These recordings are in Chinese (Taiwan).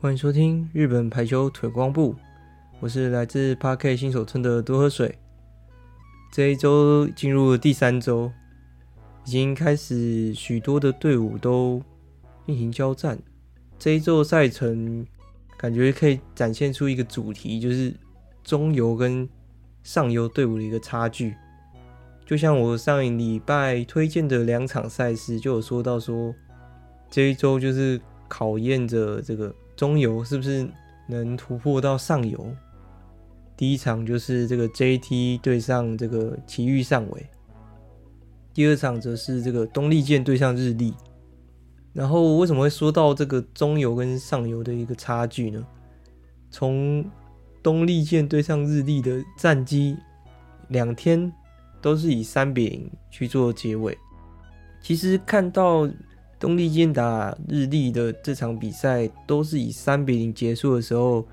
歡迎收聽日本排球腿光部，我是來自帕 k 新手村的多喝水。這一周進入了第三周。已經開始，許多的隊伍都進行交戰。這一周賽程感覺可以展現出一個主題，就是中游跟上游隊伍的一個差距。就像我上一禮拜推薦的兩場賽事，就有說到說，這一周就是考驗着這個中游是不是能突破到上游。第一場就是這個 JT 對上這個埼玉上尾。第二場則是這個東麗箭對上日立，然後為什麼會說到這個中游跟上游的一個差距呢？從東麗箭對上日立的戰績，兩天都是以三比零去做結尾。其實看到東麗箭打日立的這場比賽都是以三比零結束的時候，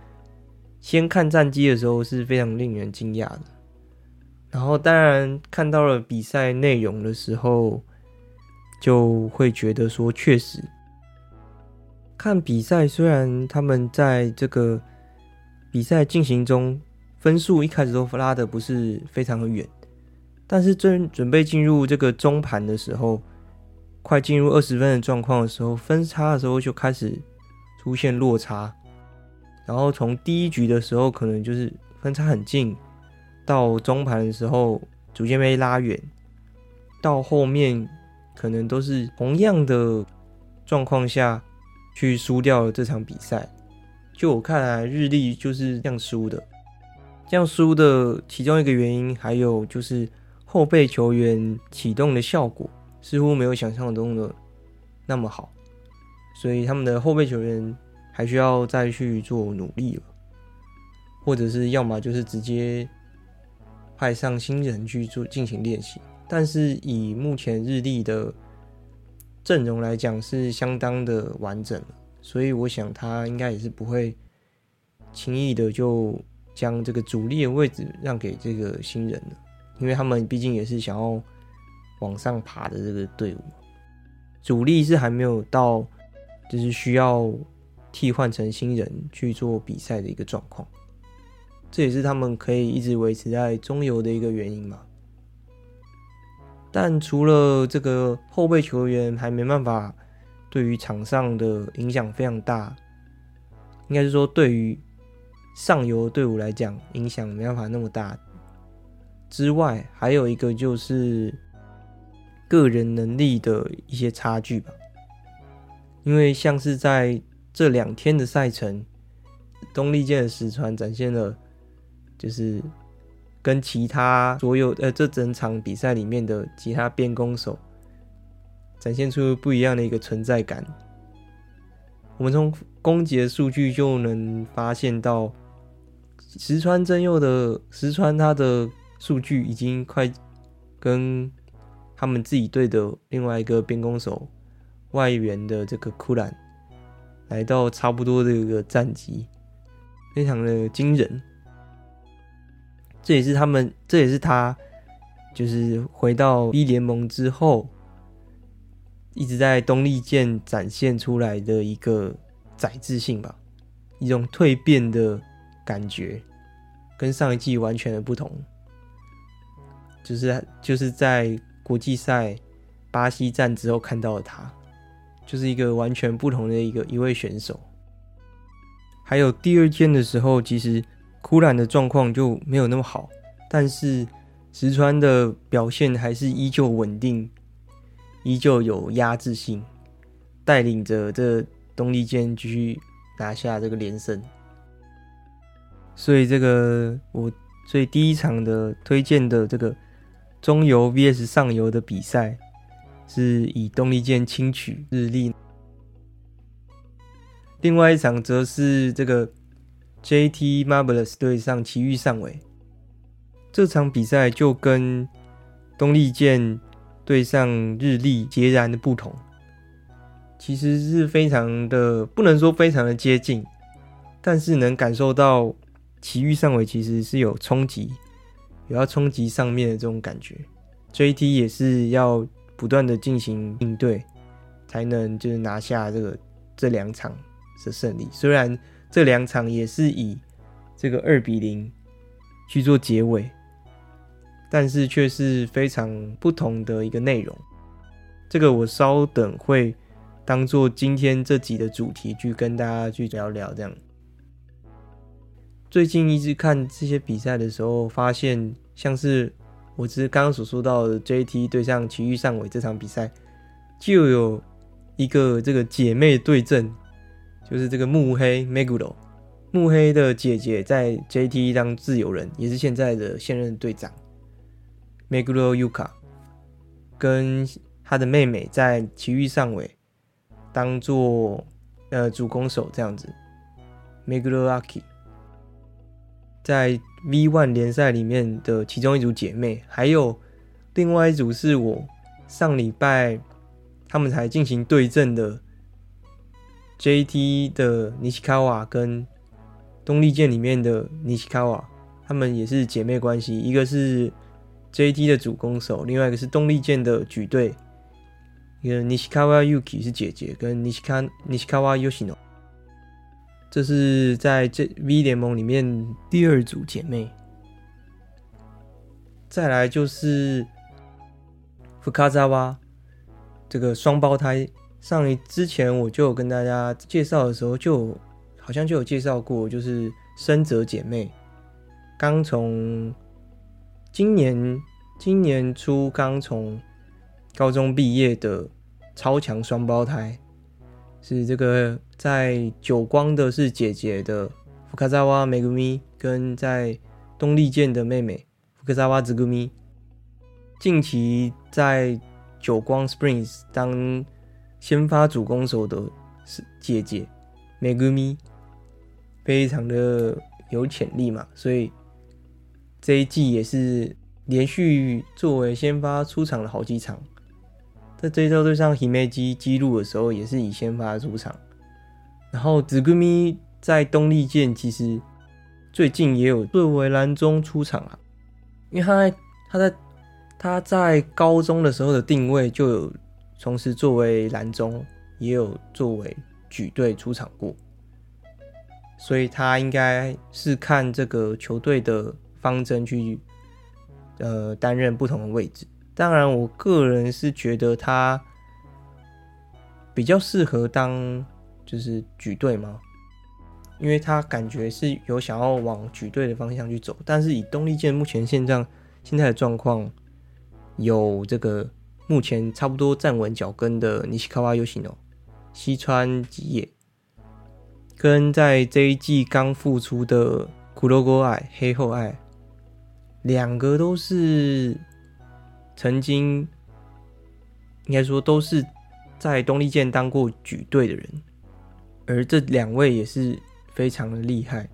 先看戰績的時候是非常令人驚訝的。然後，當然看到了比賽內容的時候，就會覺得說，確實看比賽。雖然他們在這個比賽進行中，分數一開始都拉得不是非常的遠，但是正準備進入這個中盤的時候，快進入二十分的狀況的時候，分差的時候就開始出現落差。然後從第一局的時候，可能就是分差很近。到中盤的時候，逐漸被拉遠。到後面，可能都是同樣的狀況下，去輸掉了這場比賽。就我看來，日立就是這樣輸的。這樣輸的其中一個原因，還有就是後備球員啟動的效果似乎沒有想象中的那麼好，所以他們的後備球員還需要再去做努力了，或者是要麼就是直接。派上新人去做進行練習，但是以目前日立的陣容來講是相當的完整，所以我想他應該也是不會輕易的就將這個主力的位置讓給這個新人的，因為他們畢竟也是想要往上爬的這個隊伍，主力是還沒有到就是需要替換成新人去做比賽的一個狀況。這也是他們可以一直維持在中游的一個原因嘛。但除了這個後備球員還沒辦法，對於場上的影響非常大，應該是說對於上游的隊伍來講影響沒辦法那麼大。之外，還有一個就是個人能力的一些差距吧。因為像是在這兩天的賽程，東麗箭的石川展現了。就是跟其他所有呃，這整場比賽裡面的其他邊攻手展現出不一樣的一個存在感。我們從攻擊的數據就能發現到，石川真佑的石川他的數據已經快跟他們自己隊的另外一個邊攻手外援的這個庫蘭來到差不多的一個戰績，非常的驚人。這也是他們，這也是他，就是回到一聯盟之後，一直在東麗箭展現出來的一個宰制性吧，一種蛻變的感覺，跟上一季完全的不同，就是就是在國際賽巴西站之後看到了他，就是一個完全不同的一個一位選手，還有第二件的時候，其實。枯覽的狀況就沒有那麼好，但是石川的表現還是依舊穩定，依舊有壓制性，帶領着這東麗箭繼續拿下這個連勝。所以這個我所以第一場的推薦的這個中游 VS 上游的比賽，是以東麗箭輕取日立。另外一場則是這個。J.T. Marvelous 對上埼玉上尾，這場比賽就跟東麗箭對上日立截然的不同。其實是非常的，不能說非常的接近，但是能感受到埼玉上尾其實是有衝擊，有要衝擊上面的這種感覺。J.T. 也是要不斷的進行應對，才能就是拿下這個這兩場的勝利。雖然，這兩場也是以這個二比零去做結尾，但是卻是非常不同的一個內容。這個我稍等會當做今天這集的主題去跟大家去聊聊。這樣，最近一直看這些比賽的時候，發現像是我只剛剛所說到，JT 的對上埼玉上尾這場比賽，就有一個這個姐妹對陣。就是這個目黑 Meguro，目黑的姐姐在 JT 當自由人，也是現在的現任隊長 Meguro Yuka，跟他的妹妹在埼玉上尾，當做呃主攻手這樣子。Meguro Ruki 在 V1 聯賽裡面的其中一組姐妹，還有另外一組是我上禮拜他們才進行對陣的。J T 的尼西卡瓦跟東麗箭裡面的尼西卡瓦，他們也是姐妹關係，一個是 J T 的主攻手，另外一個是東麗箭的舉隊。一個尼西卡瓦 Yuki 是姐姐，跟尼西卡尼西卡瓦 Yoshino，這是在這 V 聯盟裡面第二組姐妹。再來就是福卡扎娃，這個雙胞胎。上一，之前我就有跟大家介紹的時候就，就好像就有介紹過，就是深澤姐妹，剛從今年今年初剛從高中畢業的超強雙胞胎，是這個在久光的是姐姐的福克薩瓦美古咪，跟在東麗箭的妹妹福克薩瓦子姑咪，近期在久光 Springs 當。先發主攻手的是姐姐，美谷咪，非常的有潛力嘛，所以這一季也是連續作為先發出場了好幾場，在這一周對上姬路記錄的時候，也是以先發出場。然後紫谷咪在東麗箭其實最近也有作為攔中出場啊，因為他在他在他在高中的時候的定位就有。同時，從作為藍中也有作為舉隊出場過，所以他應該是看這個球隊的方針去，呃，擔任不同的位置。當然，我個人是覺得他比較適合當就是舉隊嘛，因為他感覺是有想要往舉隊的方向去走，但是以東麗箭目前現狀、現在的狀況，有這個。目前差不多站穩腳跟的尼西，西川吉野，跟在這一季剛復出的庫洛國愛、黑後愛，兩個都是曾經，應該說都是在東麗箭當過舉隊的人，而這兩位也是非常的厲害，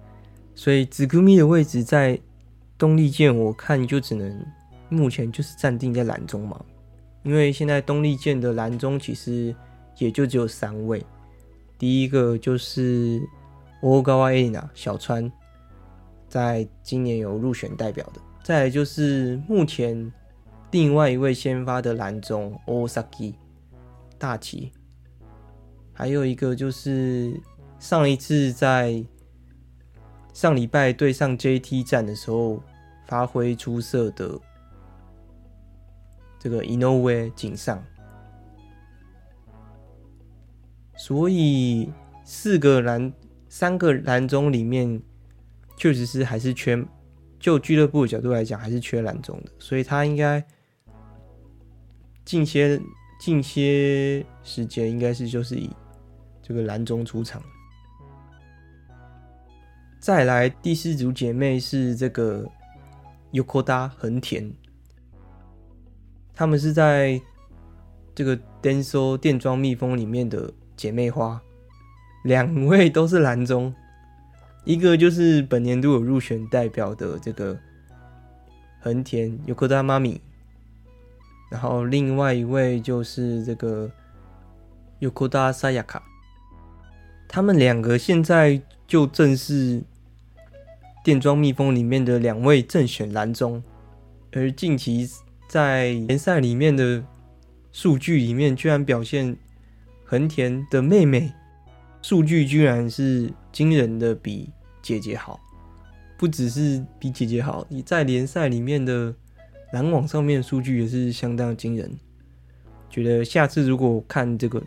所以子科米的位置在東麗箭，我看就只能目前就是暫定在藍中嘛。因為現在東麗箭的藍中其實也就只有三位，第一個就是 Ogawa 小川，在今年有入選代表的；再來就是目前另外一位先發的藍中 Osaki 大崎。還有一個就是上一次在上禮拜對上 JT 戰的時候發揮出色的。這個 Inoue 井上，所以四個藍三個藍中裡面確實是還是缺，就俱樂部的角度來講還是缺藍中的，所以他應該近些近些時間應該是就是以這個藍中出場。再來第四組姐妹是這個 Yokota 橫田。他們是在這個 Denso 電裝蜜蜂裡面的姐妹花，兩位都是藍中，一個就是本年度有入選代表的這個橫田 Yokota 媽咪，然後另外一位就是這個 Yokota Sayaka，他們兩個現在就正是電裝蜜蜂裡面的兩位正選藍中，而近期。在聯賽裡面的數據裡面，居然表現橫田的妹妹數據居然是驚人的比姐姐好，不只是比姐姐好，你在聯賽裡面的攔網上面數據也是相當驚人。覺得下次如果看這個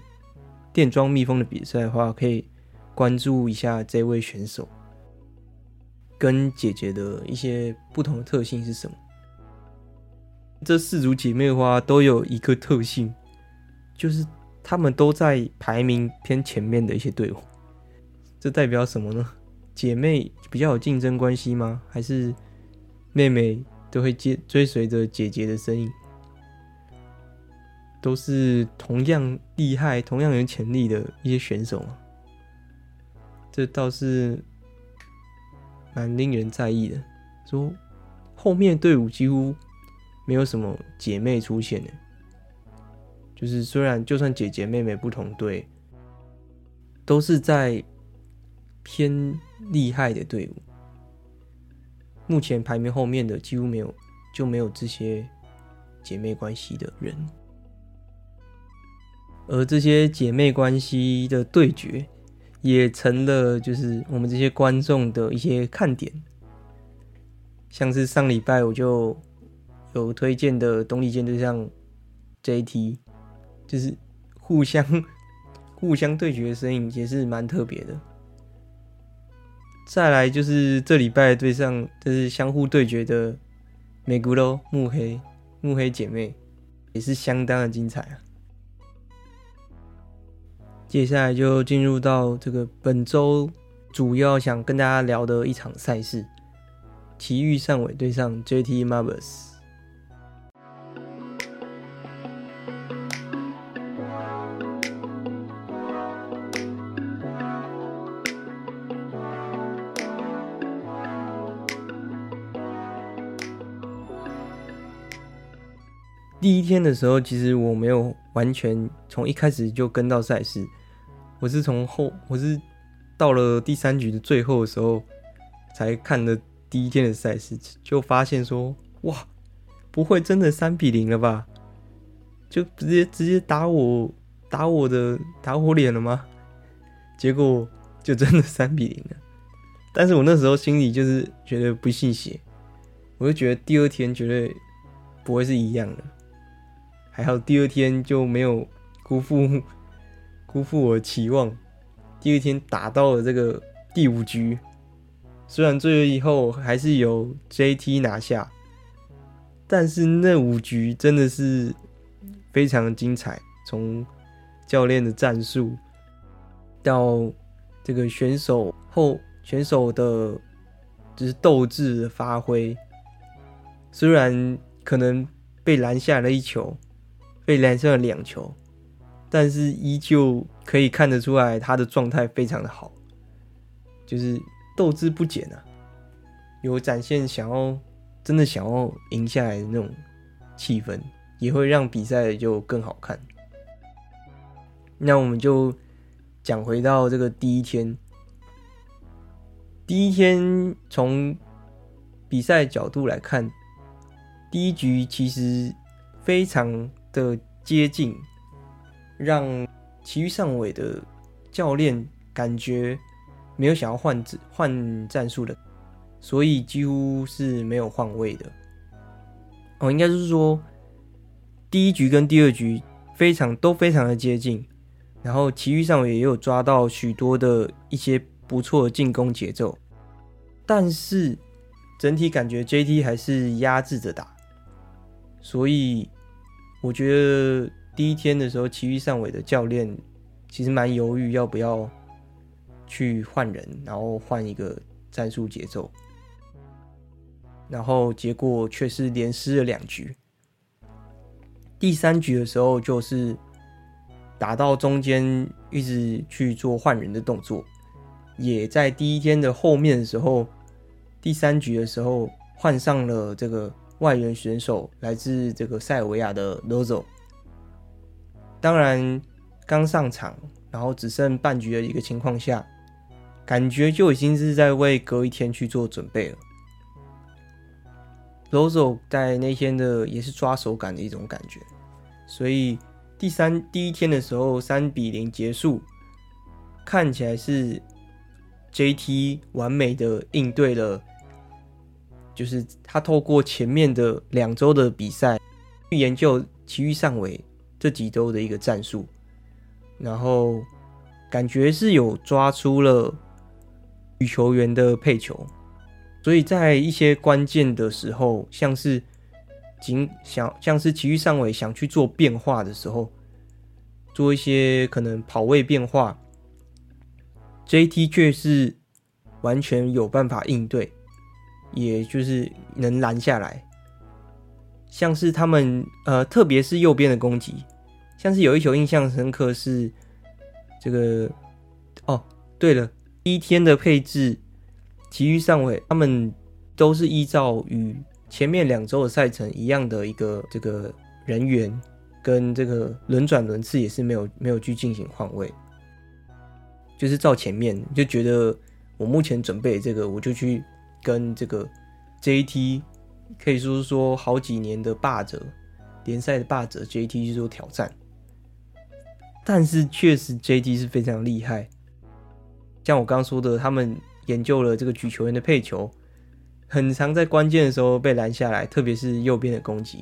電裝蜜蜂的比賽的話，可以關注一下這位選手跟姐姐的一些不同的特性是什麼。這四組姐妹花都有一個特性，就是她們都在排名偏前面的一些隊伍。這代表什麼呢？姐妹比較有競爭關係嗎？還是妹妹都會接追隨着姐姐的身影？都是同樣厲害、同樣有潛力的一些選手。這倒是蠻令人在意的。說後面隊伍幾乎。沒有什麼姐妹出現呢，就是雖然就算姐姐妹妹不同隊，都是在偏厲害的隊伍。目前排名後面的幾乎沒有，就沒有這些姐妹關係的人。而這些姐妹關係的對決，也成了就是我們這些觀眾的一些看點。像是上禮拜我就。有推薦的東麗箭，對上 J T，就是互相互相對決的身影也是蠻特別的。再來就是這禮拜對上就是相互對決的美古羅、慕黑、慕黑姐妹，也是相當的精彩啊。接下來就進入到這個本周主要想跟大家聊的一場賽事：埼玉上尾對上 J T Marvelous。第一天的時候，其實我沒有完全從一開始就跟到賽事，我是從後，我是到了第三局的最後的時候才看了第一天的賽事，就發現說，哇，不會真的三比零了吧？就直接直接打我打我的打我臉了嗎？結果就真的三比零了，但是我那時候心裡就是覺得不信邪，我就覺得第二天絕對不會是一樣的。還有第二天就沒有辜負辜負我的期望。第二天打到了這個第五局，雖然最後以後還是由 JT 拿下，但是那五局真的是非常精彩。從教練的戰術到這個選手後選手的就是鬥志的發揮，雖然可能被攔下了一球。被攔下了兩球，但是依舊可以看得出來他的狀態非常的好，就是鬥志不減啊，有展現想要真的想要贏下來的那種氣氛，也會讓比賽就更好看。那我們就講回到這個第一天，第一天從比賽角度來看，第一局其實非常。的接近，讓埼玉上尾的教練感覺沒有想要換戰換戰術的，所以幾乎是沒有換位的。哦，應該是說第一局跟第二局非常都非常的接近，然後埼玉上尾也有抓到許多的一些不錯的進攻節奏，但是整體感覺 JT 還是壓制着打，所以。我覺得第一天的時候，埼玉上尾的教練其實蠻猶豫要不要去換人，然後換一個戰術節奏，然後結果卻是連失了兩局。第三局的時候就是打到中間一直去做換人的動作，也在第一天的後面的時候，第三局的時候換上了這個。外援選手來自這個塞爾維亞的 Lozo，當然剛上場，然後只剩半局的一個情況下，感覺就已經是在為隔一天去做準備了。Lozo 在那天的也是抓手感的一種感覺，所以第三第一天的時候三比零結束，看起來是 JT 完美的應對了。就是他透過前面的兩周的比賽，去研究埼玉上尾這幾周的一個戰術，然後感覺是有抓出了舉球員的配球，所以在一些關鍵的時候，像是僅想像是埼玉上尾想去做變化的時候，做一些可能跑位變化，JT 卻是完全有辦法應對。也就是能攔下來，像是他們呃，特別是右邊的攻擊，像是有一球印象深刻是這個哦。對了，一天的配置，埼玉上尾，他們都是依照與前面兩週的賽程一樣的一個這個人員跟這個輪轉輪次也是沒有沒有去進行換位，就是照前面就覺得我目前準備這個我就去。跟這個 J T 可以說是說好幾年的霸者，聯賽的霸者 J T 去做挑戰，但是確實 J T 是非常厲害。像我剛剛說的，他們研究了這個舉球員的配球，很常在關鍵的時候被攔下來，特別是右邊的攻擊，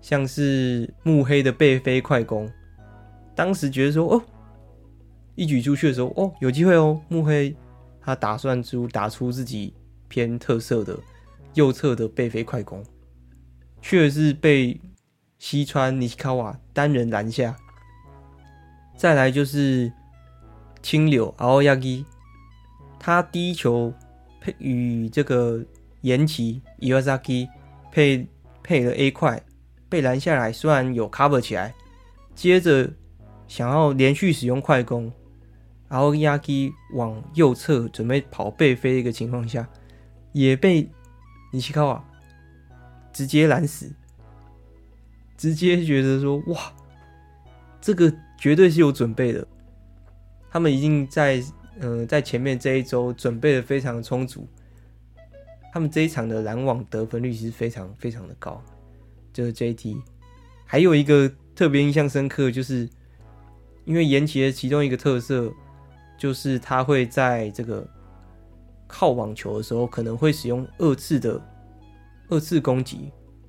像是慕黑的背飛快攻，當時覺得說哦，一舉出去的時候哦，有機會哦，慕黑。他打算出打出自己偏特色的右側的背飛快攻，確實被西川尼卡瓦單人攔下。再來就是青柳奧亞基，他第一球配與這個岩崎伊瓦薩基配配了 A 快，被攔下來，雖然有 cover 起來，接着想要連續使用快攻。然後壓低往右側準備跑背飛的一個情況下，也被西川直接攔死，直接覺得說哇，這個絕對是有準備的，他們已經在嗯、呃、在前面這一周準備的非常的充足，他們這一場的攔網得分率其實非常非常的高，就是 JT，還有一個特別印象深刻，就是因為延期的其中一個特色。就是他會在這個靠網球的時候，可能會使用二次的二次攻擊，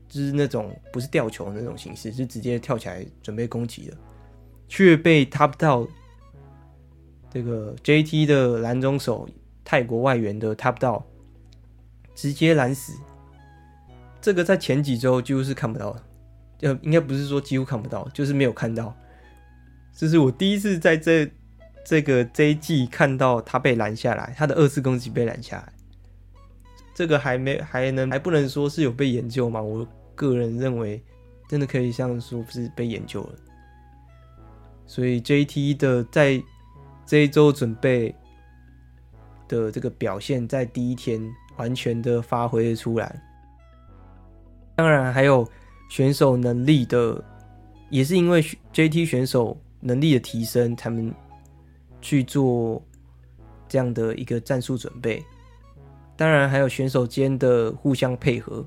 就是那種不是吊球的那種形式，是直接跳起來準備攻擊的，卻被 Top down 這個 JT 的攔中手泰國外援的 Top down 直接攔死。這個在前幾周幾乎是看不到的，應該不是說幾乎看不到，就是沒有看到。這是我第一次在這。這個 J G 看到他被攔下來，他的二次攻擊被攔下來，這個還沒還能還不能說是有被研究嗎？我個人認為，真的可以這樣說不是被研究了。所以 J T 的在這一周準備的這個表現，在第一天完全的發揮了出來。當然還有選手能力的，也是因為 J T 選手能力的提升，他們。去做這樣的一個戰術準備，當然還有選手間的互相配合。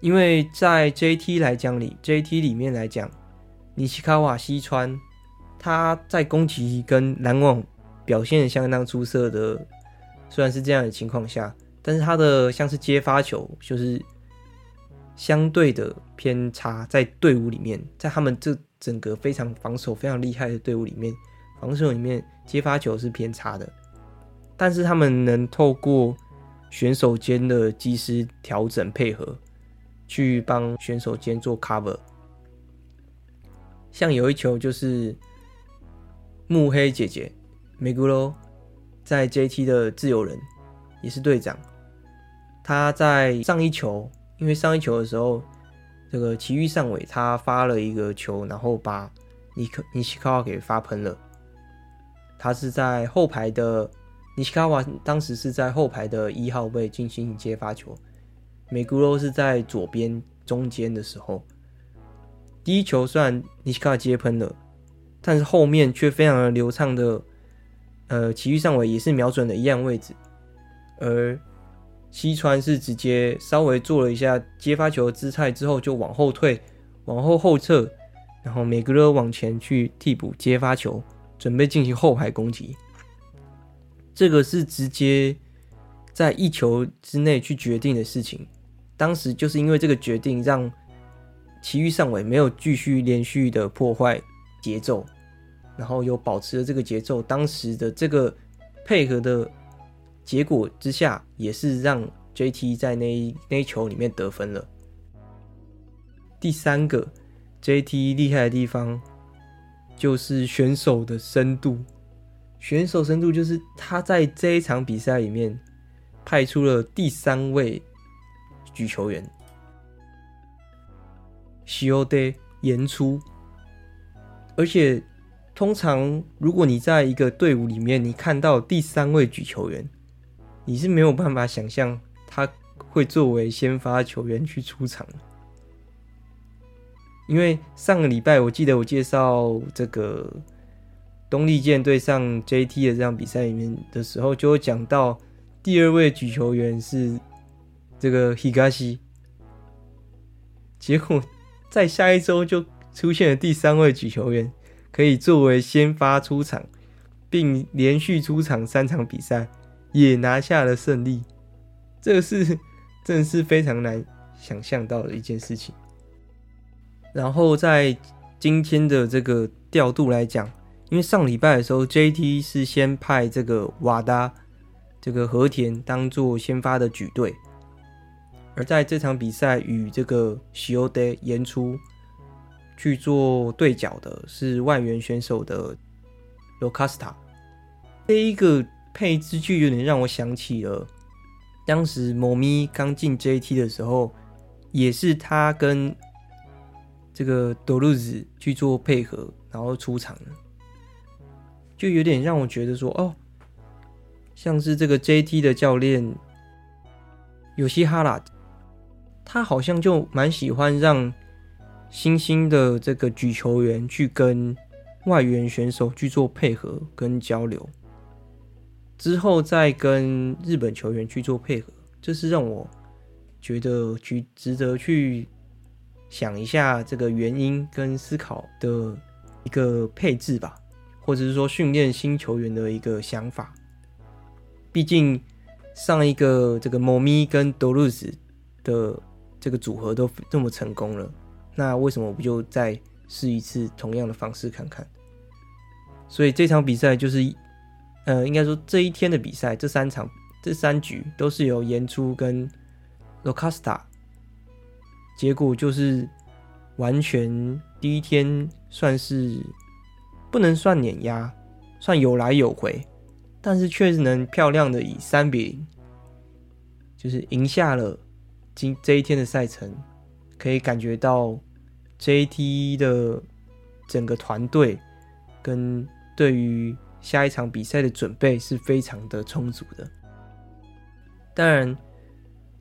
因為在 JT 來講裡，JT 裡面來講，尼西卡瓦西川他在攻擊跟攔網表現相當出色的，雖然是這樣的情況下，但是他的像是接發球就是相對的偏差，在隊伍裡面，在他們這整個非常防守非常厲害的隊伍裡面。防守裡面接發球是偏差的，但是他們能透過選手間的技師調整配合，去幫選手間做 cover。像有一球就是慕黑姐姐梅格羅在 JT 的自由人，也是隊長。他在上一球，因為上一球的時候，這個埼玉上尾他發了一個球，然後把尼克尼奇卡給發噴了。他是在後排的，尼奇卡瓦當時是在後排的一號位進行接發球，美古羅是在左邊中間的時候，第一球雖然尼奇卡接噴了，但是後面卻非常的流暢的，呃，埼玉上尾也是瞄準了一樣位置，而西川是直接稍微做了一下接發球的姿態之後就往後退，往後後撤，然後美古羅往前去替補接發球。準備進行後排攻擊，這個是直接在一球之內去決定的事情。當時就是因為這個決定，讓埼玉上尾沒有繼續連續的破壞節奏，然後又保持了這個節奏。當時的這個配合的結果之下，也是讓 JT 在那，那一那球裡面得分了。第三個 JT 厲害的地方。就是選手的深度，選手深度就是他在這一場比賽裡面派出了第三位舉球員，西歐德演出。而且，通常如果你在一個隊伍裡面，你看到第三位舉球員，你是沒有辦法想象他會作為先發球員去出場。因為上個禮拜，我記得我介紹這個東麗箭對上 JT 的這場比賽裡面的時候，就會講到第二位舉球員是這個 Higashi，結果在下一周就出現了第三位舉球員，可以作為先發出場，並連續出場三場比賽，也拿下了勝利。這個是真的是非常難想象到的一件事情。然後在今天的這個調度來講，因為上禮拜的時候，JT 是先派這個瓦達、這個和田當做先發的舉隊，而在這場比賽與這個西奧德演出去做對角的，是外援選手的盧卡斯塔。這一個配置就有點讓我想起了當時貓咪剛進 JT 的時候，也是他跟。這個多魯茲去做配合，然後出場了，就有點讓我覺得說，哦，像是這個 JT 的教練，吉原，他好像就蠻喜歡讓新興的這個舉球員去跟外援選手去做配合跟交流，之後再跟日本球員去做配合，這、就是讓我覺得值得去。想一下這個原因跟思考的一個配置吧，或者是說訓練新球員的一個想法。畢竟上一個這個貓咪跟德魯茲的這個組合都這麼成功了，那為什麼我不就再試一次同樣的方式看看？所以這場比賽就是，呃，應該說這一天的比賽，這三場這三局都是由延出跟洛卡斯塔結果就是完全第一天算是不能算碾壓，算有來有回，但是確實能漂亮的以三比零就是贏下了今這一天的賽程，可以感覺到 JT 的整個團隊跟對於下一場比賽的準備是非常的充足的。當然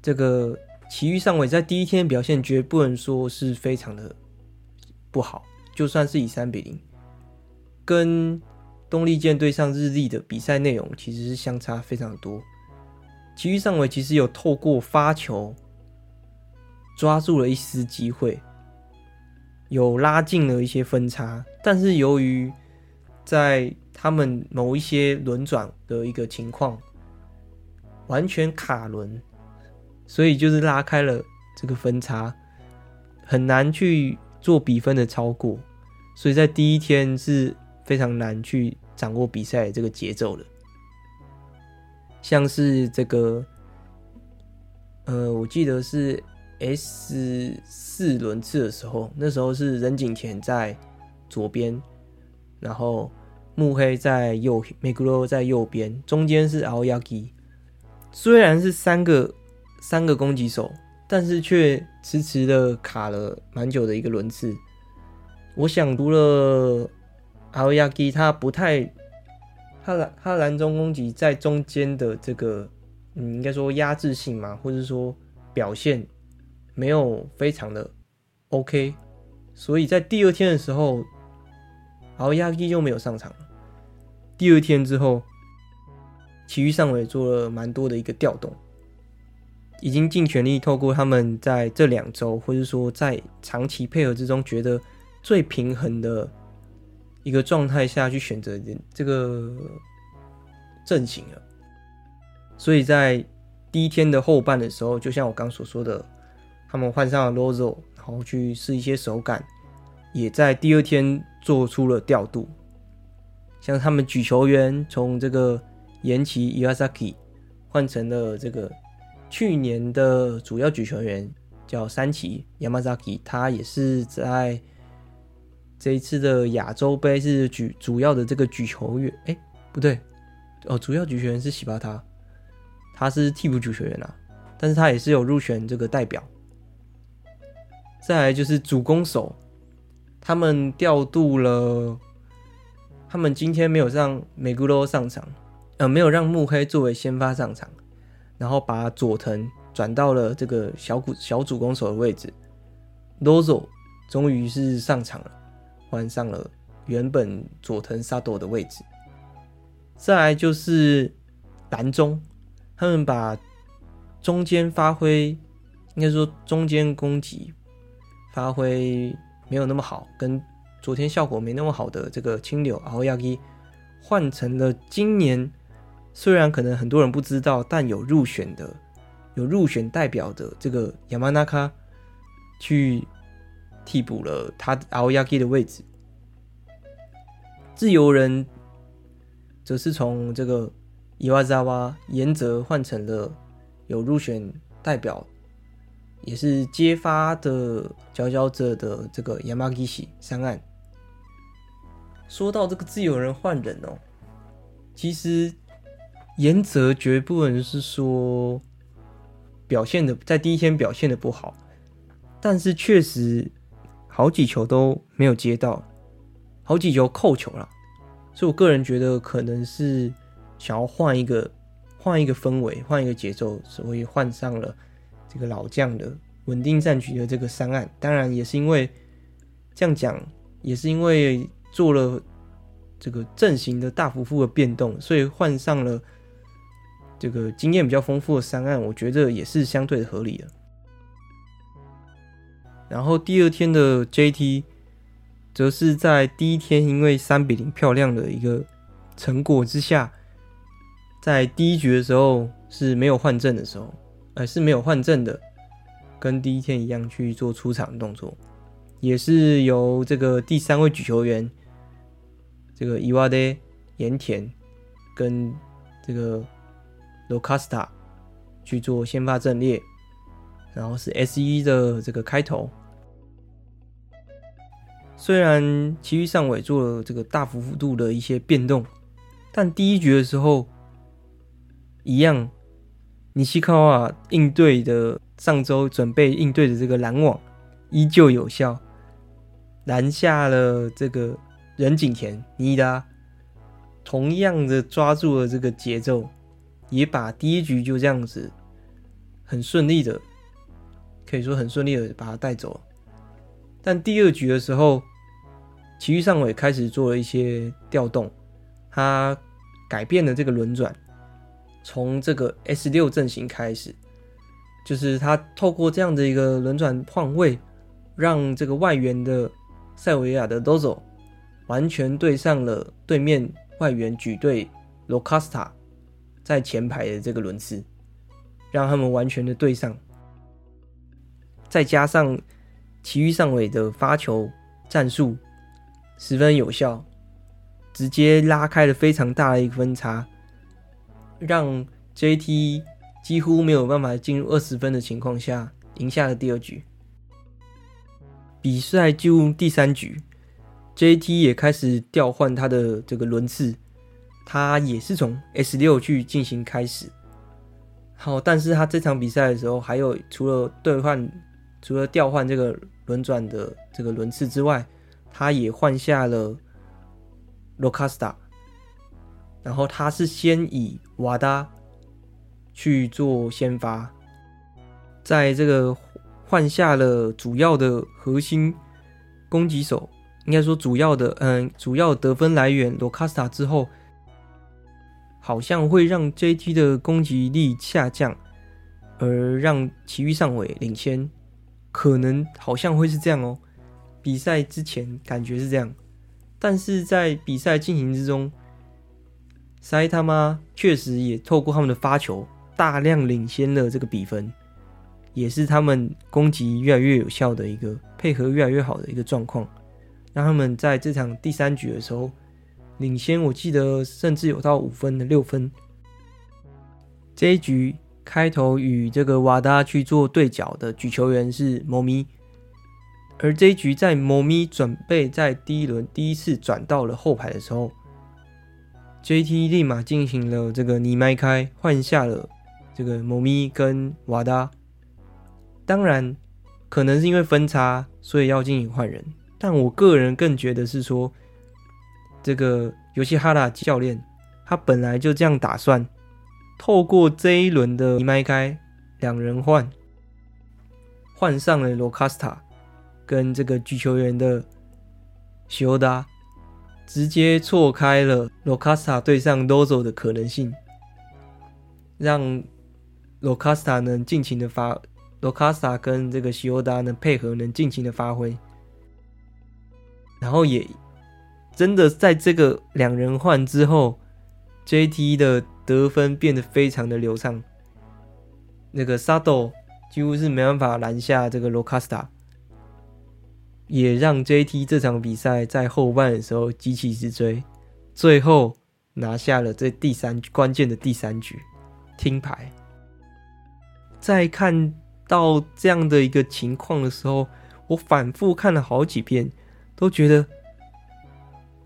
這個。埼玉上尾在第一天表現絕不能說是非常的不好，就算是以三比零跟東麗箭對上日立的比賽內容，其實是相差非常的多。埼玉上尾其實有透過發球抓住了一絲機會，有拉近了一些分差，但是由於在他們某一些輪轉的一個情況完全卡輪。所以就是拉開了這個分差，很難去做比分的超過，所以在第一天是非常難去掌握比賽這個節奏的。像是這個，呃，我記得是 S 四輪次的時候，那時候是任景田在左邊，然後木黑在右 m i k u r 在右邊，中間是 Ao Yagi。雖然是三個。三個攻擊手，但是卻遲遲的卡了蠻久的一個輪次。我想，除了熬亞基，他不太，他藍，他藍中攻擊在中間的這個，嗯，應該說壓制性嘛，或者說表現沒有非常的 OK。所以在第二天的時候，熬亞基就沒有上場。第二天之後，其餘上位做了蠻多的一個調動。已經盡全力透過他們在這兩周，或者說在長期配合之中，覺得最平衡的一個狀態下去選擇這個陣型了。所以在第一天的後半的時候，就像我剛所說的，他們換上了羅素，然後去試一些手感，也在第二天做出了調度，像他們舉球員從這個岩崎 Iwasaki 換成了這個。去年的主要舉球員叫山崎 Yamazaki，他也是在這一次的亞洲盃是舉主，主要的這個舉球員。哎、欸，不對，哦，主要舉球員是喜巴塔，他是替補舉球員啊，但是他也是有入選這個代表。再來就是主攻手，他們調度了，他們今天沒有讓美古羅上場，呃，沒有讓木黑作為先發上場。然後把佐藤轉到了這個小攻小主攻手的位置，z o 終於是上場了，換上了原本佐藤沙斗的位置。再來就是藍中，他們把中間發揮，應該說中間攻擊發揮沒有那麼好，跟昨天效果沒那麼好的這個青柳熬亞給換成了今年。雖然可能很多人不知道，但有入選的、有入選代表的這個亞馬納卡去替補了他奧亞基的位置。自由人則是從這個伊瓦扎瓦岩澤換成了有入選代表，也是揭發的佼佼者的這個亞馬基西上岸。說到這個自由人換人哦，其實。原則絕不能是說表現的在第一天表現的不好，但是確實好幾球都沒有接到，好幾球扣球了，所以我個人覺得可能是想要換一個換一個氛圍換一個節奏，所以換上了這個老將的穩定戰局的這個三案。當然也是因為這樣講，也是因為做了這個陣型的大幅度的變動，所以換上了。這個經驗比較豐富的三案，我覺得也是相對的合理的。然後第二天的 JT，則是在第一天因為三比零漂亮的一個成果之下，在第一局的時候是沒有換陣的時候，呃是沒有換陣的，跟第一天一樣去做出場的動作，也是由這個第三位舉球員，這個伊瓦德、鹽田跟這個。羅卡斯塔去做先發陣列，然後是 S 一的這個開頭。雖然埼玉上尾做了這個大幅幅度的一些變動，但第一局的時候一樣，尼西卡瓦應對的上周準備應對的這個攔網依舊有效，攔下了這個仁井田尼達，ida, 同樣的抓住了這個節奏。也把第一局就這樣子很順利的，可以說很順利的把他帶走。但第二局的時候，埼玉上尾開始做了一些調動，他改變了這個輪轉，從這個 S 六陣型開始，就是他透過這樣的一個輪轉換位，讓這個外援的塞維亞的 Dozo 完全對上了對面外援舉隊 Locusta 在前排的這個輪次，讓他們完全的對上，再加上埼玉上尾的發球戰術十分有效，直接拉開了非常大的一個分差，讓 JT 幾乎沒有辦法進入二十分的情況下贏下了第二局。比賽進入第三局，JT 也開始調換他的這個輪次。他也是從 S 六去進行開始，好，但是他這場比賽的時候，還有除了兌換，除了調換這個輪轉的這個輪次之外，他也換下了羅卡斯塔，然後他是先以瓦達去做先發，在這個換下了主要的核心攻擊手，應該說主要的，嗯，主要得分來源羅卡斯塔之後。好像會讓 JT 的攻擊力下降，而讓埼玉上尾領先，可能好像會是這樣哦。比賽之前感覺是這樣，但是在比賽進行之中，埼玉確實也透過他們的發球大量領先了這個比分，也是他們攻擊越來越有效的一個配合越來越好的一個狀況，讓他們在這場第三局的時候。領先，我記得甚至有到五分的六分。這一局開頭與這個瓦達去做對角的舉球員是摩咪，而這一局在摩咪準備在第一輪第一次轉到了後排的時候，JT 立馬進行了這個尼邁開，換下了這個摩咪跟瓦達。當然，可能是因為分差，所以要進行換人。但我個人更覺得是說。這個吉原教練，他本來就這樣打算，透過這一輪的麥開，兩人換，換上了羅卡斯塔，跟這個舉球員的西歐達，直接錯開了羅卡斯塔對上羅佐的可能性，讓羅卡斯塔能盡情的發，羅卡斯塔跟這個西歐達能配合，能盡情的發揮，然後也。真的，在這個兩人換之後，JT 的得分變得非常的流暢。那個沙斗幾乎是沒辦法攔下這個羅卡斯塔，也讓 JT 這場比賽在後半的時候急起直追，最後拿下了這第三關鍵的第三局聽牌。在看到這樣的一個情況的時候，我反覆看了好幾遍，都覺得。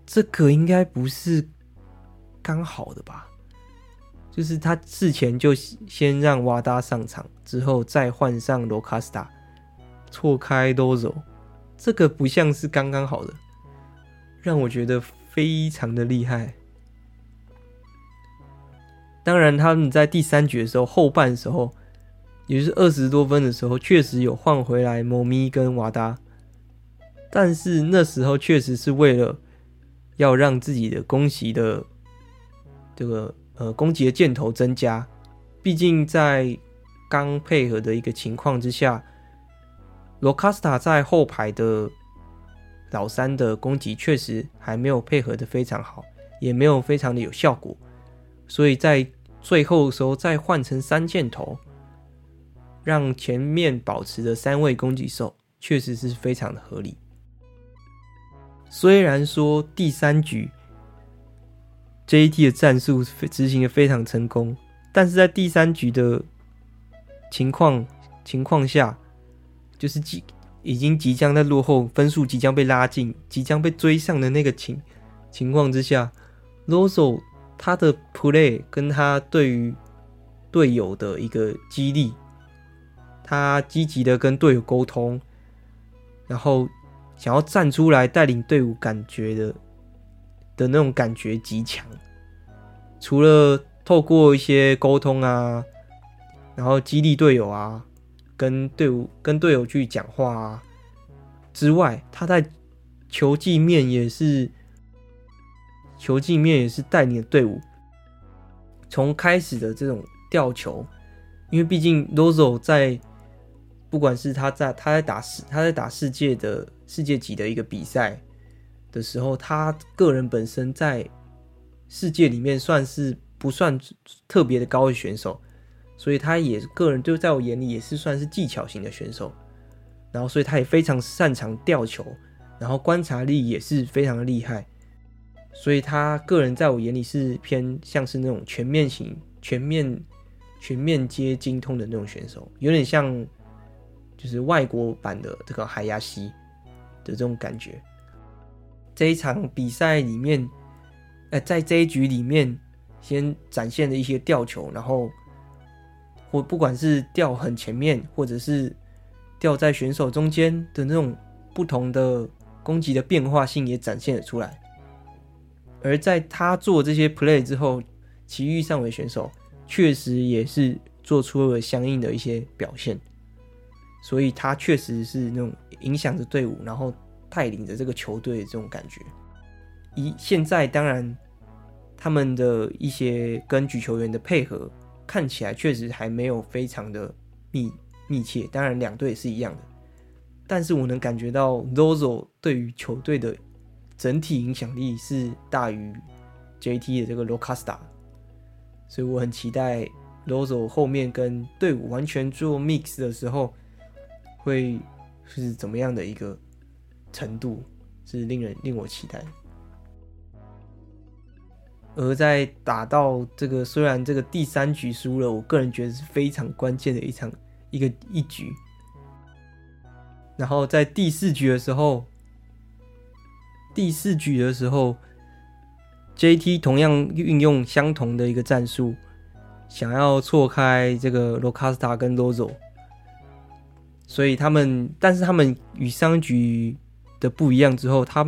這個應該不是剛好的吧？就是他事前就先讓瓦達上場，之後再換上羅卡斯塔，錯開都走。這個不像是剛剛好的，讓我覺得非常的厲害。當然，他們在第三局的時候後半的時候，也就是二十多分的時候，確實有換回來貓咪跟瓦達，但是那時候確實是為了。要讓自己的攻擊的這個呃攻擊的箭頭增加，畢竟在剛配合的一個情況之下，羅卡斯塔在後排的老三的攻擊確實還沒有配合得非常好，也沒有非常的有效果，所以在最後的時候再換成三箭頭，讓前面保持的三位攻擊手確實是非常的合理。雖然說第三局 JT 的戰術執行的非常成功，但是在第三局的情況情況下，就是即已經即將在落後，分數即將被拉近，即將被追上的那個情情況之下，Lozo 他的 play 跟他對於隊友的一個激勵，他積極的跟隊友溝通，然後。想要站出來帶領隊伍，感覺的的那種感覺極強。除了透過一些溝通啊，然後激勵隊友啊，跟隊伍跟隊友去講話啊之外，他在球技面也是球技面也是帶領隊伍。從開始的這種吊球，因為畢竟 Rozo 在。不管是他在他在打世他在打世界的世界級的一個比賽的時候，他個人本身在世界裡面算是不算特別的高的選手，所以他也個人就在我眼裡也是算是技巧型的選手，然後所以他也非常擅長吊球，然後觀察力也是非常的厲害，所以他個人在我眼裡是偏像是那種全面型、全面、全面皆精通的那種選手，有點像。就是外國版的這個 Hayashi 的這種感覺。這一場比賽裡面，呃，在這一局裡面，先展現了一些吊球，然後或不管是吊很前面，或者是吊在選手中間的那種不同的攻擊的變化性也展現了出來。而在他做這些 play 之後，其餘三位選手確實也是做出了相應的一些表現。所以他確實是那種影響着隊伍，然後帶領着這個球隊的這種感覺。以現在當然，他們的一些跟舉球員的配合看起來確實還沒有非常的密密切。當然兩隊也是一樣的，但是我能感覺到 Rosso 對於球隊的整體影響力是大於 JT 的這個 Locasta。所以我很期待 Rosso 後面跟隊伍完全做 mix 的時候，會是怎麼樣的一個程度，是令人令我期待。而在打到這個，雖然這個第三局輸了，我個人覺得是非常關鍵的一場一個一局。然後在第四局的時候，第四局的時候，JT 同樣運用相同的一個戰術，想要錯開這個羅卡斯塔跟 Lozo。所以他們，但是他們與上一局的不一樣之後，他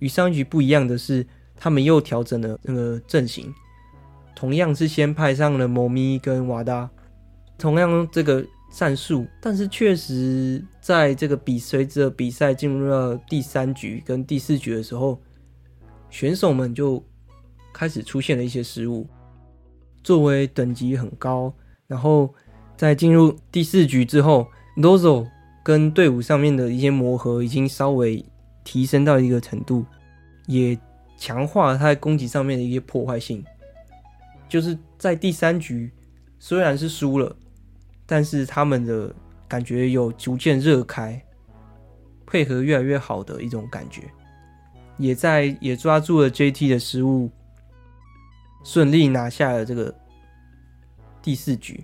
與上一局不一樣的是，他們又調整了那個陣型，同樣是先派上了摩咪跟瓦達，同樣這個戰術，但是確實在這個比隨着比賽進入到第三局跟第四局的時候，選手們就開始出現了一些失誤，作為等級很高，然後在進入第四局之後。Lozo 跟隊伍上面的一些磨合已經稍微提升到一個程度，也強化了他在攻擊上面的一些破壞性。就是在第三局雖然是輸了，但是他們的感覺有逐漸熱開，配合越來越好的一種感覺，也在也抓住了 JT 的失誤，順利拿下了這個第四局。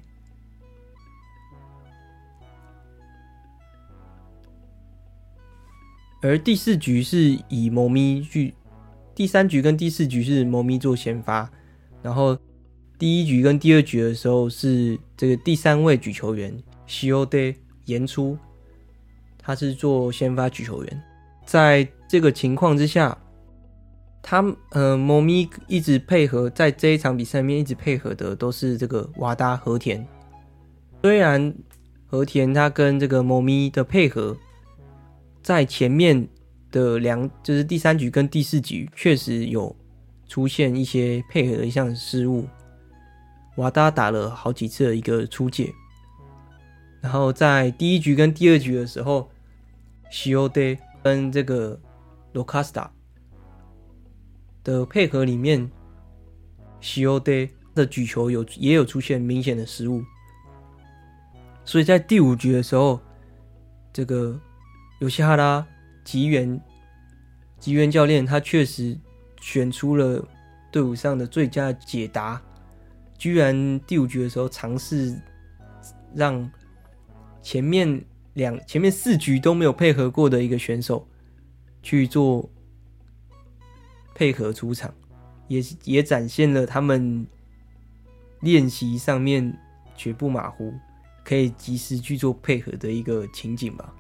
而第四局是以貓咪去，第三局跟第四局是貓咪做先發，然後第一局跟第二局的時候是這個第三位舉球員西歐的演出，他是做先發舉球員。在這個情況之下，他呃貓咪一直配合，在這一場比賽裡面一直配合的都是這個瓦達和田。雖然和田他跟這個貓咪的配合。在前面的兩，就是第三局跟第四局，確實有出現一些配合的一項失誤，瓦達打了好幾次的一個出界。然後在第一局跟第二局的時候，西歐德跟這個盧卡斯塔的配合裡面，西歐德的舉球有也有出現明顯的失誤，所以在第五局的時候，這個。有西哈拉吉原、吉原教練，他確實選出了隊伍上的最佳解答，居然第五局的時候嘗試讓前面兩，前面四局都沒有配合過的一個選手去做配合出場，也也展現了他們練習上面絕不馬虎，可以及時去做配合的一個情景吧。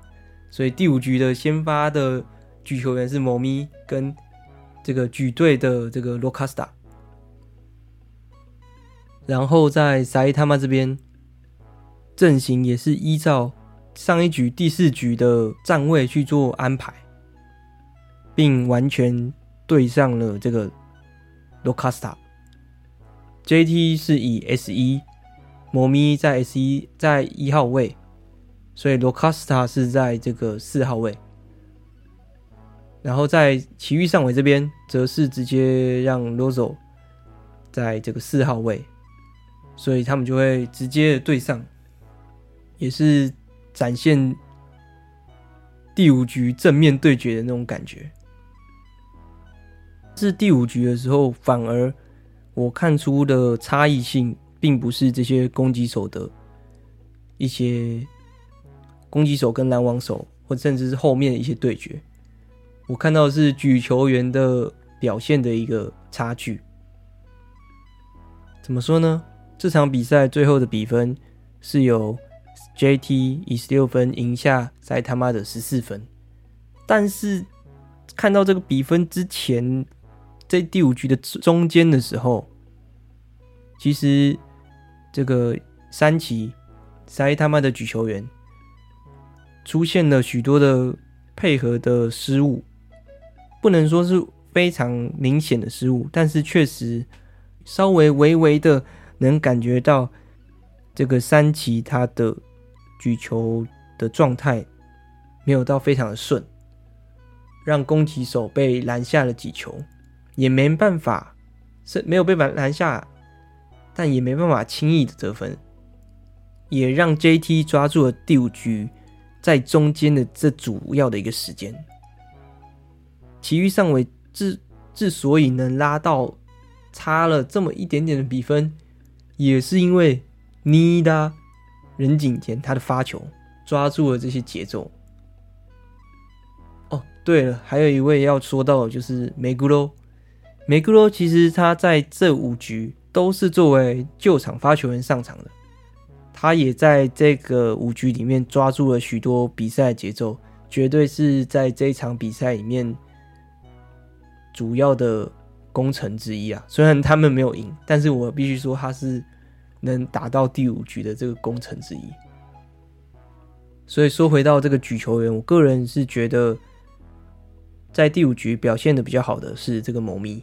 所以第五局的先發的舉球員是摩咪，跟這個舉隊的這個 u 卡斯塔，然後在 Z 他媽這邊陣型也是依照上一局第四局的站位去做安排，並完全對上了這個 u 卡斯塔。JT 是以 S 一，摩咪在 S 一，在一號位。所以羅卡斯塔是在這個四號位，然後在埼玉上尾這邊則是直接讓羅索在這個四號位，所以他們就會直接對上，也是展現第五局正面對決的那種感覺。是第五局的時候，反而我看出的差異性，並不是這些攻擊手的一些。攻擊手跟攔網手，或甚至是後面的一些對決，我看到的是舉球員的表現的一個差距。怎麼說呢？這場比賽最後的比分是由 JT 以十六分贏下埼玉的十四分。但是看到這個比分之前，在第五局的中間的時候，其實這個三旗埼玉的舉球員。出現了許多的配合的失誤，不能說是非常明顯的失誤，但是確實稍微微微的能感覺到這個三旗他的舉球的狀態沒有到非常的順，讓攻擊手被攔下了幾球，也沒辦法是沒有被攔攔下，但也沒辦法輕易的得分，也讓 JT 抓住了第五局。在中間的這主要的一個時間，其餘上尾之之所以能拉到差了這麼一點點的比分，也是因為妮達任景甜他的發球抓住了這些節奏。哦，對了，還有一位要說到的就是梅古羅，梅古羅其實他在這五局都是作為救場發球員上場的。他也在這個五局裡面抓住了許多比賽節奏，絕對是在這一場比賽裡面主要的功臣之一啊。雖然他們沒有贏，但是我必須說他是能達到第五局的這個功臣之一。所以說回到這個舉球員，我個人是覺得在第五局表現的比較好的是這個某咪。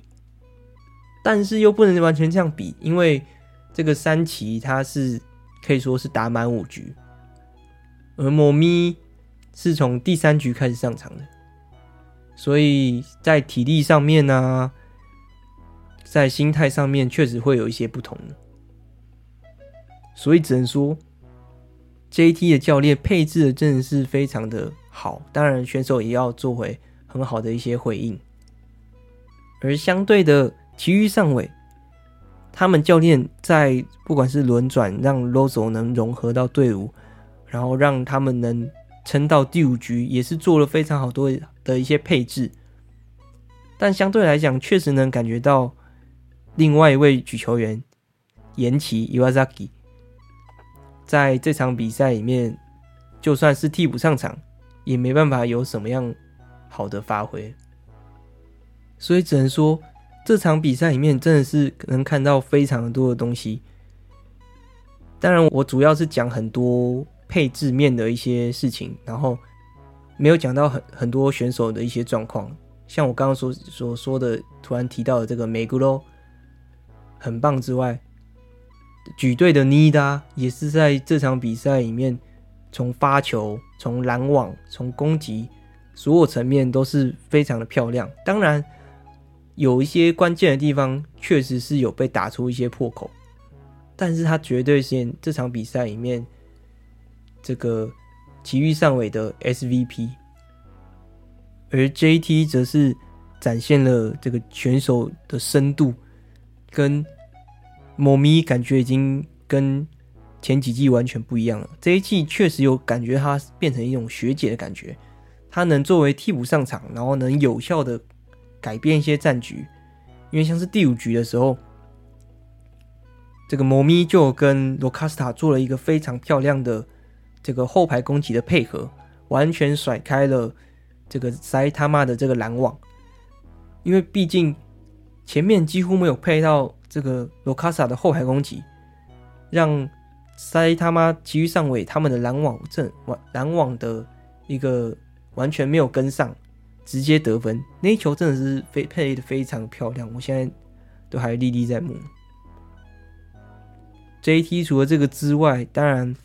但是又不能完全這樣比，因為這個三旗他是。可以說是打滿五局，而莫咪是從第三局開始上場的，所以在體力上面呢、啊，在心態上面確實會有一些不同。所以只能說，JT 的教練配置的真的是非常的好，當然選手也要做回很好的一些回應。而相對的，埼玉上尾。他們教練在不管是輪轉讓 Rosso 能融合到隊伍，然後讓他們能撐到第五局，也是做了非常好多的一些配置。但相對來講，確實能感覺到另外一位舉球員岩崎 Iwasaki 在這場比賽裡面，就算是替補上場，也沒辦法有什麼樣好的發揮，所以只能說。這場比賽裡面真的是能看到非常多的東西，當然我主要是講很多配置面的一些事情，然後沒有講到很很多選手的一些狀況。像我剛剛所所說的，突然提到的這個梅格羅很棒之外，舉隊的妮達也是在這場比賽裡面，從發球、從攔網、從攻擊，所有層面都是非常的漂亮。當然。有一些關鍵的地方確實是有被打出一些破口，但是他絕對是這場比賽裡面這個埼玉上尾的 SVP，而 JT 則是展現了這個選手的深度，跟貓咪感覺已經跟前幾季完全不一樣了。這一季確實有感覺他變成一種學姐的感覺，他能作為替補上場，然後能有效的。改變一些戰局，因為像是第五局的時候，這個魔咪就跟羅卡斯塔做了一個非常漂亮的這個後排攻擊的配合，完全甩開了這個埼玉的這個攔網，因為畢竟前面幾乎沒有配到這個羅卡斯塔的後排攻擊，讓埼玉其餘上尾他們的攔網陣攔網的一個完全沒有跟上。直接得分，那一球真的是非配得非常漂亮，我現在都還歷歷在目。JT 除了這個之外，當然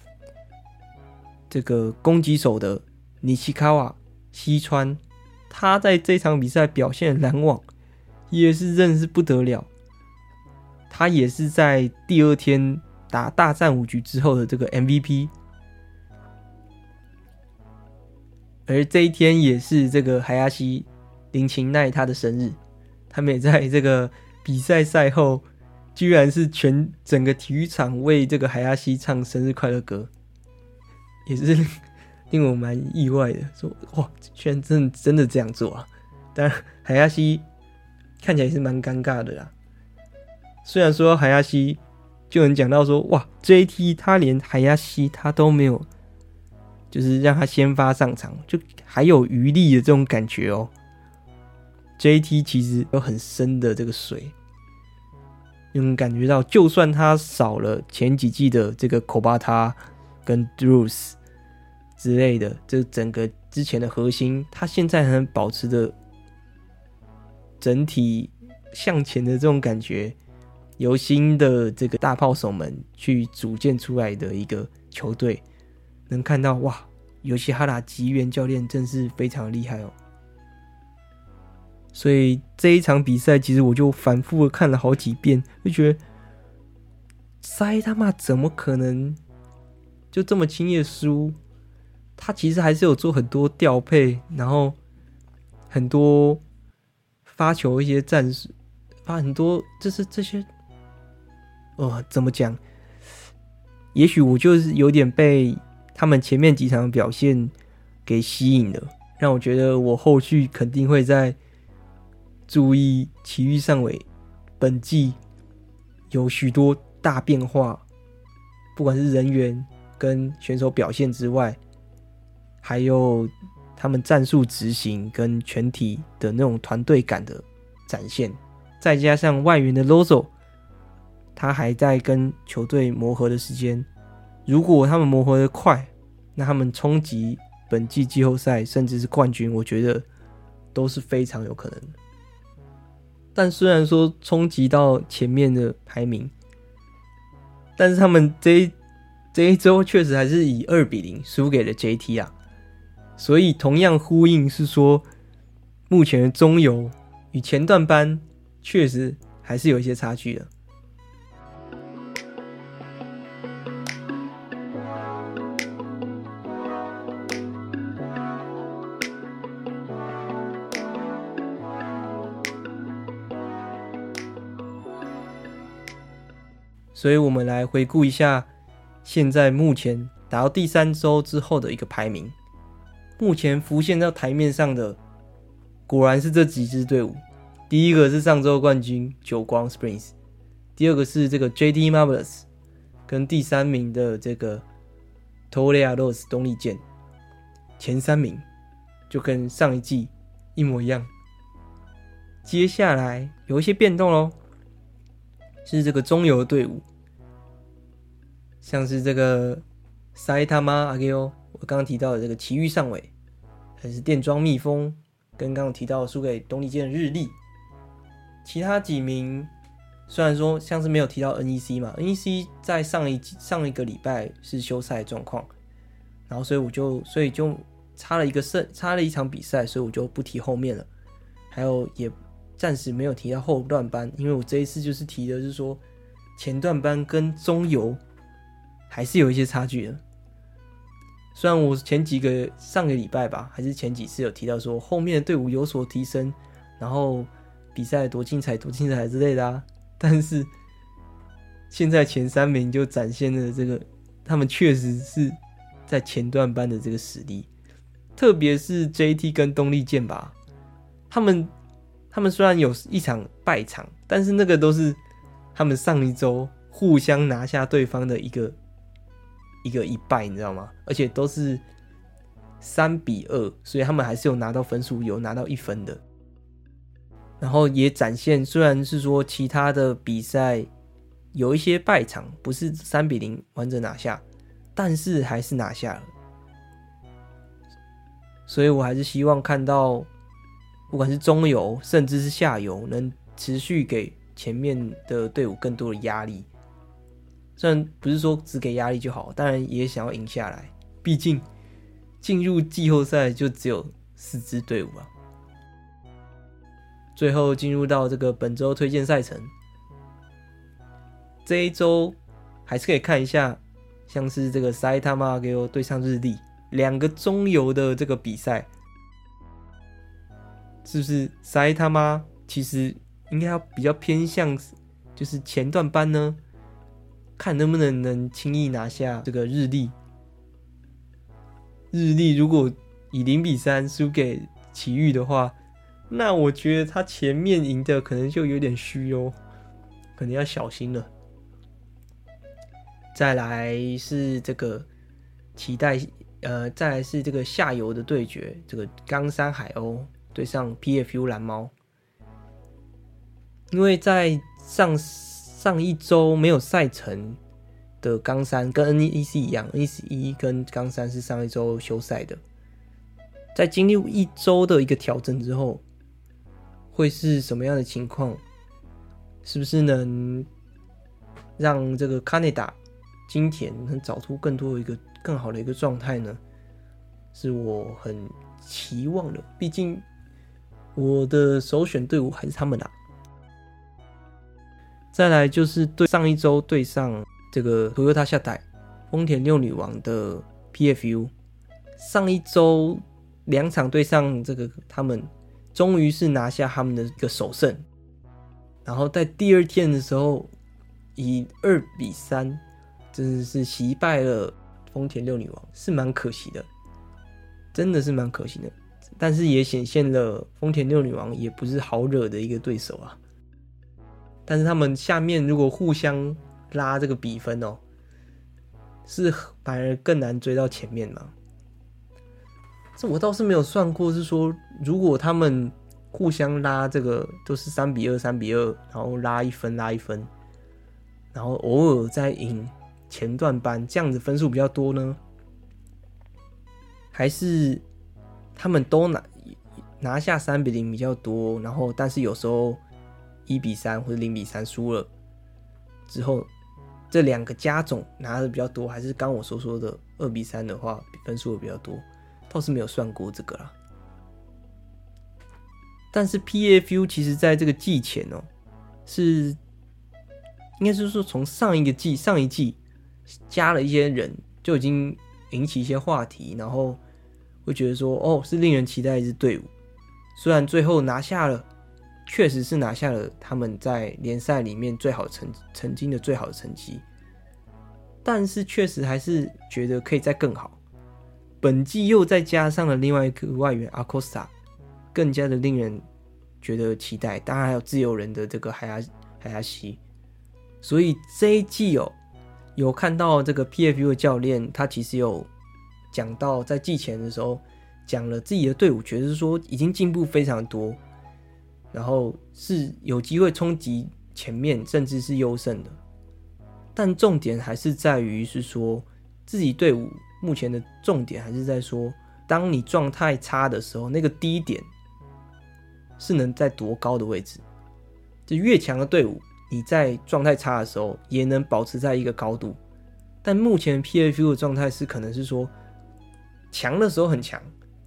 這個攻擊手的尼奇卡瓦西川，他在這場比賽表現的攔網也是真是不得了，他也是在第二天打大戰五局之後的這個 MVP。而這一天也是這個海亞西林琴奈他的生日，他們也在這個比賽賽後，居然是全整個體育場為這個海亞西唱生日快樂歌，也是令我蠻意外的，說哇，居然真的真的這樣做啊！當然，海亞西看起來是蠻尷尬的啦。雖然說海亞西就能講到說，哇，JT 他連海亞西他都沒有。就是讓他先發上場，就還有餘力的這種感覺哦。JT 其實有很深的這個水，你能感覺到，就算他少了前幾季的這個科巴塔跟 Drews 之類的，這整個之前的核心，他現在還能保持着整體向前的這種感覺，由新的這個大炮手們去組建出來的一個球隊。能看到哇，尤其哈達吉原教練真是非常厲害哦。所以這一場比賽，其實我就反覆的看了好幾遍，就覺得塞他媽怎麼可能就這麼輕易輸？他其實還是有做很多調配，然後很多發球一些戰術，發、啊、很多就是這些。哦、呃，怎麼講？也許我就是有點被。他們前面幾場表現給吸引了，讓我覺得我後續肯定會在注意埼玉上尾本季有許多大變化，不管是人員跟選手表現之外，還有他們戰術執行跟全體的那種團隊感的展現，再加上外援的 Loso 他還在跟球隊磨合的時間。如果他們磨合得快，那他們衝擊本季季後賽甚至是冠軍，我覺得都是非常有可能的。但雖然說衝擊到前面的排名，但是他們這一這一周確實還是以二比零輸給了 JT 啊，所以同樣呼應是說，目前的中游與前段班確實還是有一些差距的。所以我們來回顧一下，現在目前打到第三周之後的一個排名，目前浮現在台面上的，果然是這幾支隊伍。第一個是上周冠軍久光 Springs，第二個是這個 JT Marvelous 跟第三名的這個 Toray Arrows 東麗箭，前三名就跟上一季一模一樣。接下來有一些變動嘍，是這個中游隊伍。像是這個塞他媽阿圭奧，我剛剛提到的這個埼玉上尾，還是電裝蜜蜂，跟剛剛提到輸給東麗箭的日立。其他幾名雖然說像是沒有提到 NEC 嘛，NEC 在上一上一個禮拜是休賽狀況，然後所以我就所以就差了一個勝差了一場比賽，所以我就不提後面了。還有也暫時沒有提到後段班，因為我這一次就是提的是說前段班跟中游。還是有一些差距的。雖然我前幾個上個禮拜吧，還是前幾次有提到說後面的隊伍有所提升，然後比賽多精彩多精彩之類的啊，但是現在前三名就展現了這個，他們確實是在前段班的這個實力，特別是 JT 跟東麗箭吧，他們他們雖然有一場敗場，但是那個都是他們上一周互相拿下對方的一個。一個一敗，你知道嗎？而且都是三比二，所以他們還是有拿到分數，有拿到一分的。然後也展現，雖然是說其他的比賽有一些敗場，不是三比零完整拿下，但是還是拿下了。所以我還是希望看到，不管是中游甚至是下游，能持續給前面的隊伍更多的壓力。雖然不是說只給壓力就好，當然也想要贏下來。畢竟進入季後賽就只有四支隊伍啊。最後進入到這個本周推薦賽程，這一周還是可以看一下，像是這個埼玉上尾對上日立兩個中游的這個比賽，是不是埼玉其實應該要比較偏向就是前段班呢？看能不能能輕易拿下這個日立。日立如果以零比三輸給埼玉的話，那我覺得他前面贏的可能就有點虛哦，可能要小心了。再來是這個期待，呃，再來是這個下游的對決，這個岡山海鷗對上 PFU 藍貓，因為在上。上一周沒有賽程的岡山跟 NEC 一樣，NEC 跟岡山是上一周休賽的，在經歷一周的一個調整之後，會是什麼樣的情況？是不是能讓這個卡內達今天能找出更多的一個更好的一個狀態呢？是我很期望的，畢竟我的首選隊伍還是他們啊。再來就是對上一周對上這個土屋塔下台，豐田六女王的 PFU，上一周兩場對上這個他們，終於是拿下他們的一個首勝，然後在第二天的時候以二比三，真的是惜敗了豐田六女王，是蠻可惜的，真的是蠻可惜的，但是也顯現了豐田六女王也不是好惹的一個對手啊。但是他們下面如果互相拉這個比分哦、喔，是反而更難追到前面了。這我倒是沒有算過。是說，如果他們互相拉這個都、就是三比二、三比二，然後拉一分、拉一分，然後偶爾再贏前段班，這樣子分數比較多呢，還是他們都拿拿下三比零比較多？然後，但是有時候。一比三或者零比三輸了之後，這兩個加總拿的比較多，還是剛我所說、說的二比三的話分數會比較多，倒是沒有算過這個啦。但是 PFU 其實在這個季前哦、喔，是應該是說從上一個季上一季加了一些人，就已經引起一些話題，然後會覺得說哦、喔、是令人期待一支隊伍，雖然最後拿下了。確實是拿下了他們在聯賽裡面最好成曾經的最好的成績，但是確實還是覺得可以再更好。本季又再加上了另外一個外援阿科薩，更加的令人覺得期待。當然還有自由人的這個海牙海牙西，所以這一季哦，有看到這個 PFU 的教練他其實有講到在季前的時候講了自己的隊伍，覺得說已經進步非常多。然後是有機會衝擊前面，甚至是優勝的，但重點還是在於是說自己隊伍目前的重點還是在說，當你狀態差的時候，那個低點是能在多高的位置？就越強的隊伍，你在狀態差的時候也能保持在一個高度。但目前 PFU 的狀態是，可能是說強的時候很強，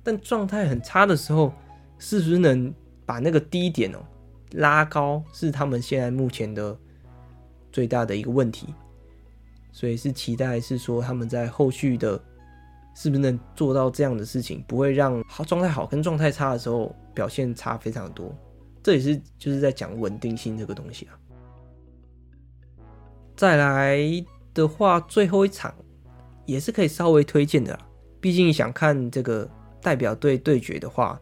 但狀態很差的時候，是不是能？把那個低點哦拉高，是他們現在目前的最大的一個問題，所以是期待是說他們在後續的，是不是能做到這樣的事情，不會讓狀態好跟狀態差的時候表現差非常多，這也是就是在講穩定性這個東西啊。再來的話，最後一場也是可以稍微推薦的啦，畢竟想看這個代表隊對決的話，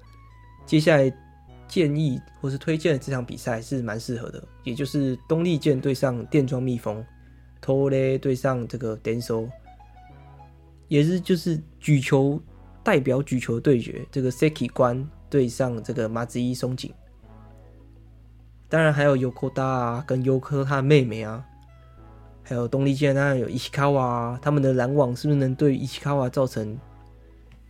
接下來。建議或是推薦這場比賽是蠻適合的，也就是東麗箭對上電裝蜜蜂，托雷對上這個 Denso，也是就是舉球代表舉球的對決，這個 Seki 關對上這個麻子一松井，當然還有 Yokota 啊，跟優科他的妹妹啊，還有東麗箭當然有伊西卡瓦他們的攔網是不是能對伊西卡瓦造成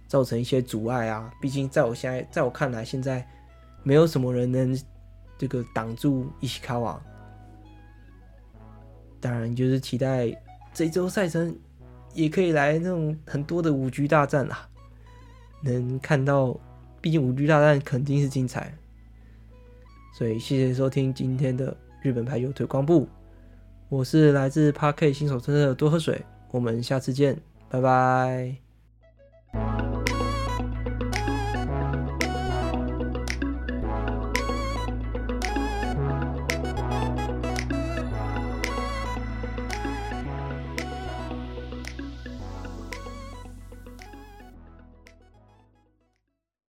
造成一些阻礙啊？畢竟在我現在在我看來現在。沒有什麼人能這個擋住石川，當然就是期待這週賽程也可以來那種很多的五局大戰啊，能看到，畢竟五局大戰肯定是精彩。所以謝謝收聽今天的日本排球推廣部，我是來自 Parky 新手村的多喝水，我們下次見，拜拜。